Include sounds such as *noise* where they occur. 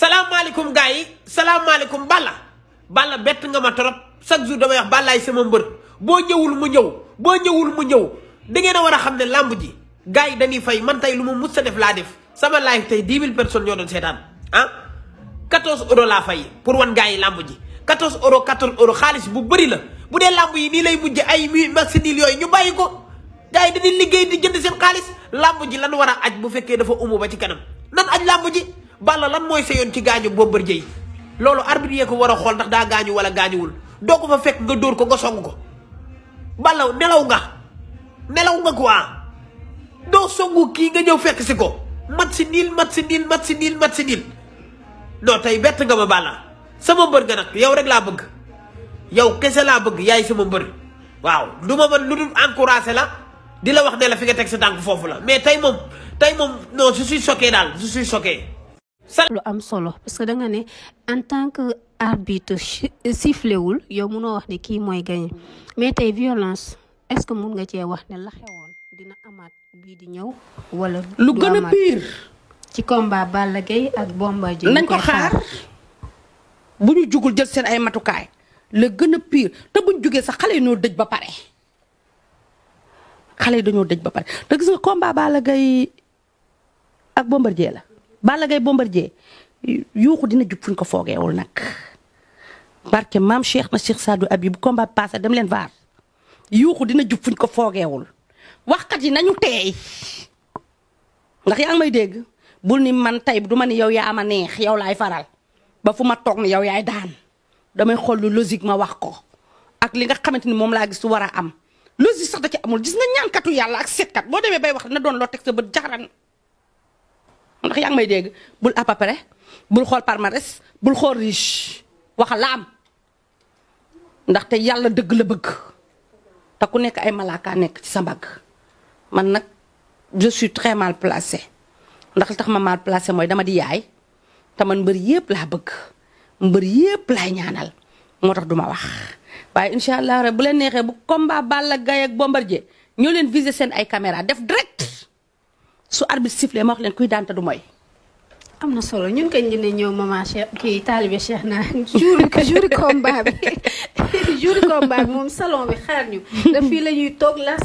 salaamaaleykum gars yi salaamaaleykum Balla Balla bett nga ma trop chaque jour damay wax Ballaay sama mbër boo ñëwul mu ñëw boo ñëwul mu ñëw da ngeen a war a xam ne làmb ji gars yi dañuy fay man tey lu ma mus sa def laa def sama live tey dix mille personnes ñoo doon seetaan ah quatorze oro laa fay pour wan gaa yi làmb ji quatorze euros quatorze oro xaalis bu bari la bu dee làmb yi nii lay mujj ay mi maxi nii yooyu ñu bàyyi ko gaa yi dañuy liggéey di jënd seen xaalis làmb ji lan war a aj bu fekkee dafa umu ba kanam nan aj làmb ji Balla lan mooy sa yoon ci gaañu Bombardier loolu arbitre yee ko war a xool ndax daa gaañu wala gaañuwul doo ko fa fekk nga dóor ko nga song ko Balla nelaw nga nelaw nga quoi doo songu kii nga ñëw fekk si ko mat si niil mat si niil mat si niil mat si niil non tey bett nga ma Balla sama mbër nga nag yow rek laa bëgg yow kese laa bëgg yaay sama mbër waaw du ma man lu dul encouragé la di la wax ne fi nga teg sa dànk foofu la mais tey moom tey moom non je suis choqué daal je suis choqué lu am solo parce que da nga ne en tant que arbitre sifflé wul yow mënoo wax ne kii mooy gagné mais tey violence est ce que mun nga cee wax ne la xewoon dina amaat bii di ñëw wala. lu gën a pire ci combat Balla ko xaar bu ñu jugul jël seen ay matukaay la gën a pire te buñ sax xale yi ñoo dëj ba pare xale yi dañoo dëj ba ak Bombardier la. Balla Gaye Bombardier yuuxu dina jub fuñ ko foogeewul nag barke maam Cheikh na Cheikh Sadou Habib bu combat passé dem leen vaar yuuxu dina jub fuñ ko foogeewul waxkat yi nañu teey ndax yaa ngi may dégg bul ni man tey du ma ni yow yaa ma neex yow laay faral ba fu ma toog ni yow yaay daan damay xool lu logique ma wax ko ak li nga xamante ni moom laa gis war a am logique sax da ci amul gis nga ñaankatu yàlla ak seetkat boo demee bay wax na doon loo teg sa bët jaxaran ndax yaa ngi may dégg bul à peu près bul xool palmarès bul xool riche wax laam ndaxte yàlla dëgg la bëgg te ku nekk ay malaaka nekk ci sa mbagg man nag je suis très mal placé ndax li tax ma mal placé mooy dama di yaay te man mbër yëpp laa bëgg mbër yëpp laay ñaanal moo tax duma wax waaye incha allah rek bu leen neexee bu combat Balla Gaye ak Bombardier ñoo leen viser seen ay caméra def direct su arbitre sifflé ma wax leen kuy daanta du moy am na solo ñun kañ dina ñëw maman Cheikh kii taalibe Cheikh naa jour *laughs* jour combat bi *laughs* jour combat bi moom salon bi xaar ñu. daf fii la ñuy toog la.